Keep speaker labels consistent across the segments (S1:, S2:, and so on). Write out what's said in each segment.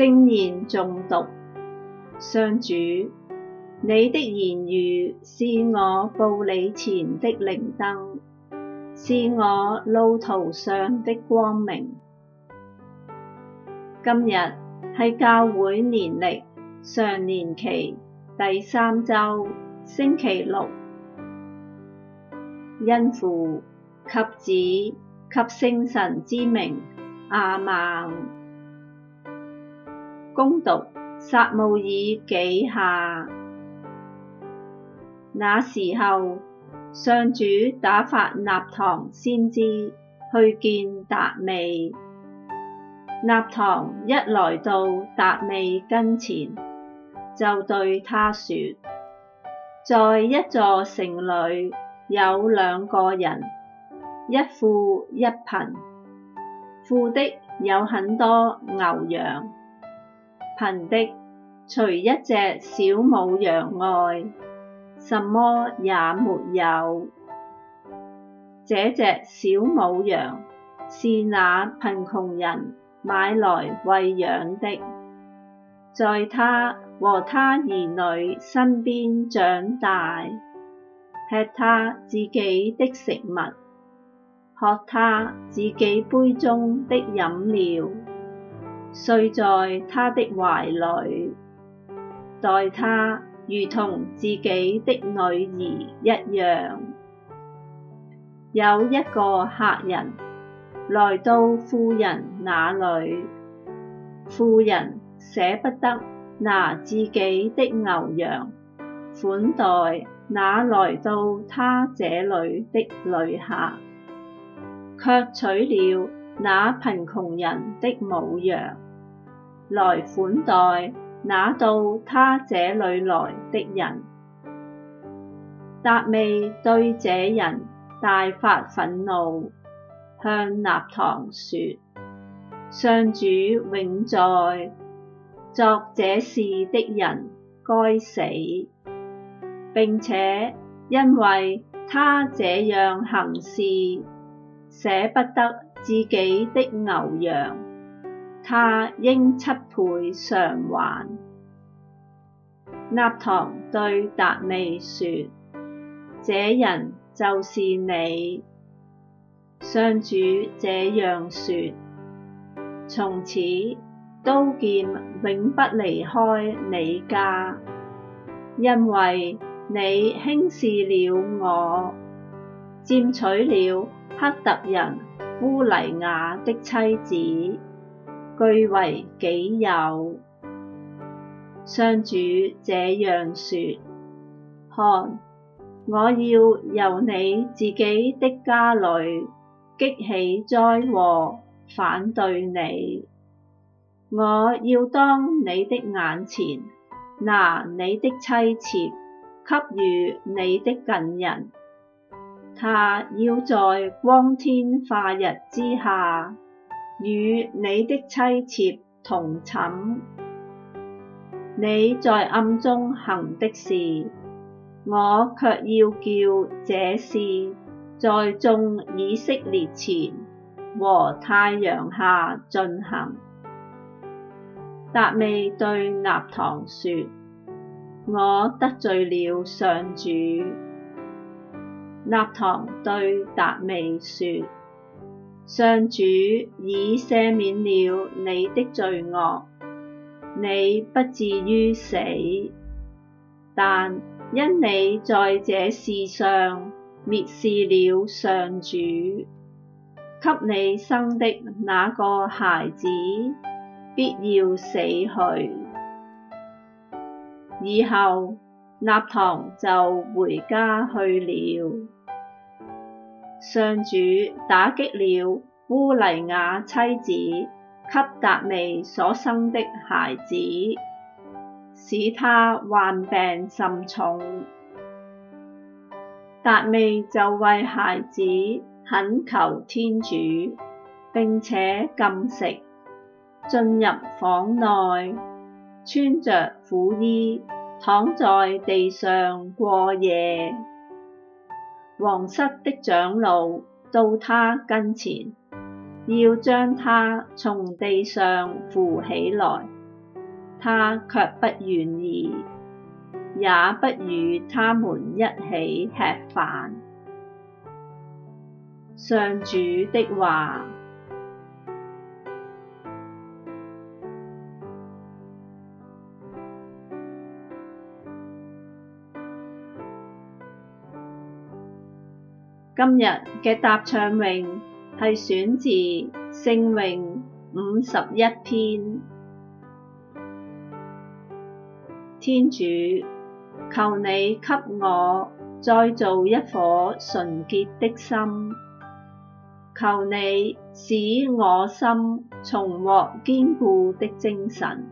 S1: 聖言誦讀，上主，你的言語是我報你前的靈燈，是我路途上的光明。今日係教會年曆常年期第三週星期六，因父及子及聖神之名，阿們。恭讀撒慕爾紀下。那時候，上主打發納堂先知去見達味。納堂一來到達味跟前，就對他説：在一座城裏，有兩個人，一富一貧，富的有很多牛羊。貧的，除一隻小母羊外，什麼也沒有。這隻小母羊是那貧窮人買來餵養的，在他和他兒女身邊長大，吃他自己的食物，喝他自己杯中的飲料。睡在他的懷裏，待他如同自己的女兒一樣。有一個客人，來到富人那裏，富人捨不得拿自己的牛羊，款待那來到他這裏的旅客，却取了那貧窮人的母羊。.來款待那到他這裏來的人。達味對這人大發忿怒，向納堂説：上主永在，作這事的人該死。並且因為他這樣行事，捨不得自己的牛羊。他應七倍償還。納堂對達味說：這人就是你。上主這樣說：從此，刀劍永不離開你家，因為你輕視了我，佔取了赫特人烏黎雅的妻子。據為己有，上主這樣說：看，我要由你自己的家裏激起災禍，反對你。我要當你的眼前，拿你的妻妾給予你的近人。他要在光天化日之下，與你的妻妾同寢，你在暗中行的事，我卻要叫這事在眾以色列前和太陽下進行。達味對納堂說：我得罪了上主。納堂對達味說。上主已赦免了你的罪惡，你不至於死。但因你在這事上蔑視了上主，給你生的那個孩子，必要死去。以後，納堂就回家去了。上主打擊了烏黎雅妻子給達味所生的孩子，使他患病甚重。達味就為孩子懇求天主，並且禁食，進入房內，穿着苦衣，躺在地上過夜。皇室的長老到他跟前，要將他從地上扶起來，他卻不願意，也不與他們一起吃飯。上主的話。今日嘅答唱詠係選自聖詠五十一篇。天主，求你給我再造一顆純潔的心，求你使我心重獲堅固的精神，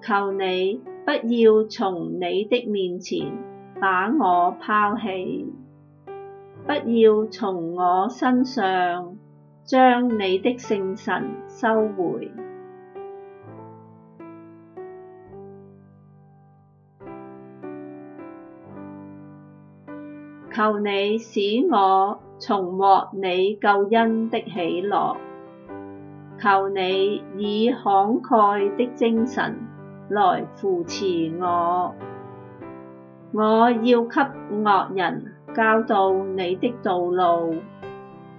S1: 求你不要從你的面前把我拋棄。不要從我身上將你的聖神收回，求你使我重獲你救恩的喜樂，求你以慷慨的精神來扶持我，我要給惡人教導你的道路，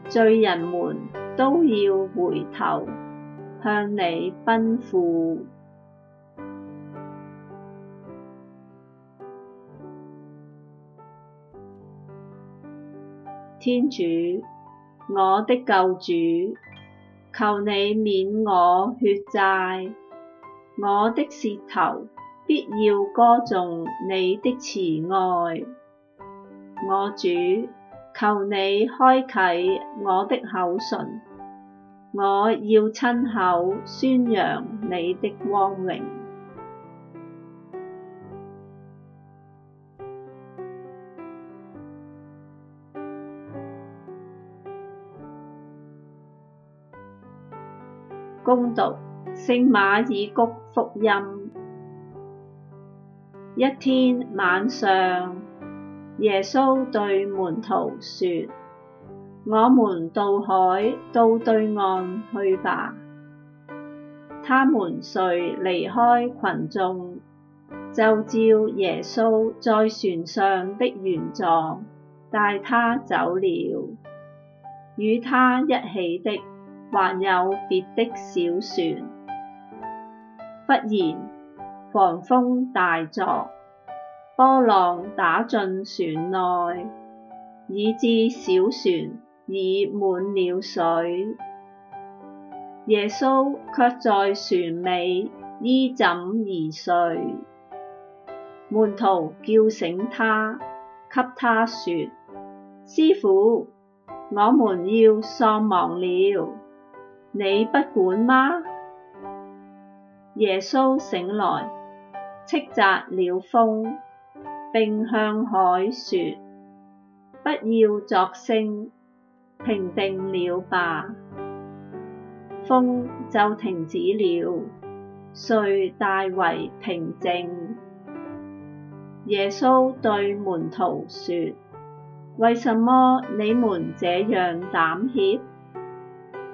S1: 罪人們都要回頭，向你奔赴。天主，我的救主，求你免我血債，我的舌頭必要歌頌你的慈愛。我主，求你開啟我的口唇，我要親口宣揚你的光榮。恭讀聖馬爾谷福音，一天晚上。耶穌對門徒説：我們渡海到對岸去吧。他們遂離開群眾，就照耶穌在船上的原狀，帶他走了。與他一起的還有別的小船。忽然，狂風大作。波浪打進船內，以致小船已滿了水。耶穌卻在船尾依枕而睡。門徒叫醒他，給他説：「師傅，我們要喪亡了，你不管嗎？」耶穌醒來，叱責了風。並向海說：不要作聲，平定了吧。風就停止了，水大為平靜。耶穌對門徒說：為什麼你們這樣膽怯？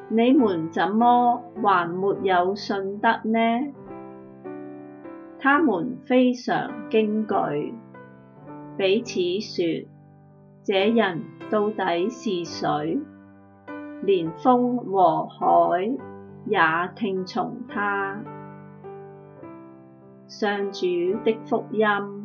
S1: 你們怎麼還沒有信得呢？他們非常驚懼。彼此説：這人到底是誰？連風和海也聽從他。上主的福音。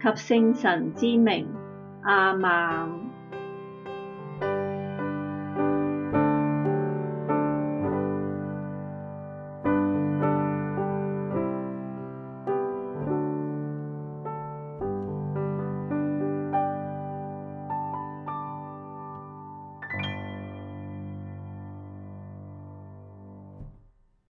S1: 及聖神之名阿曼。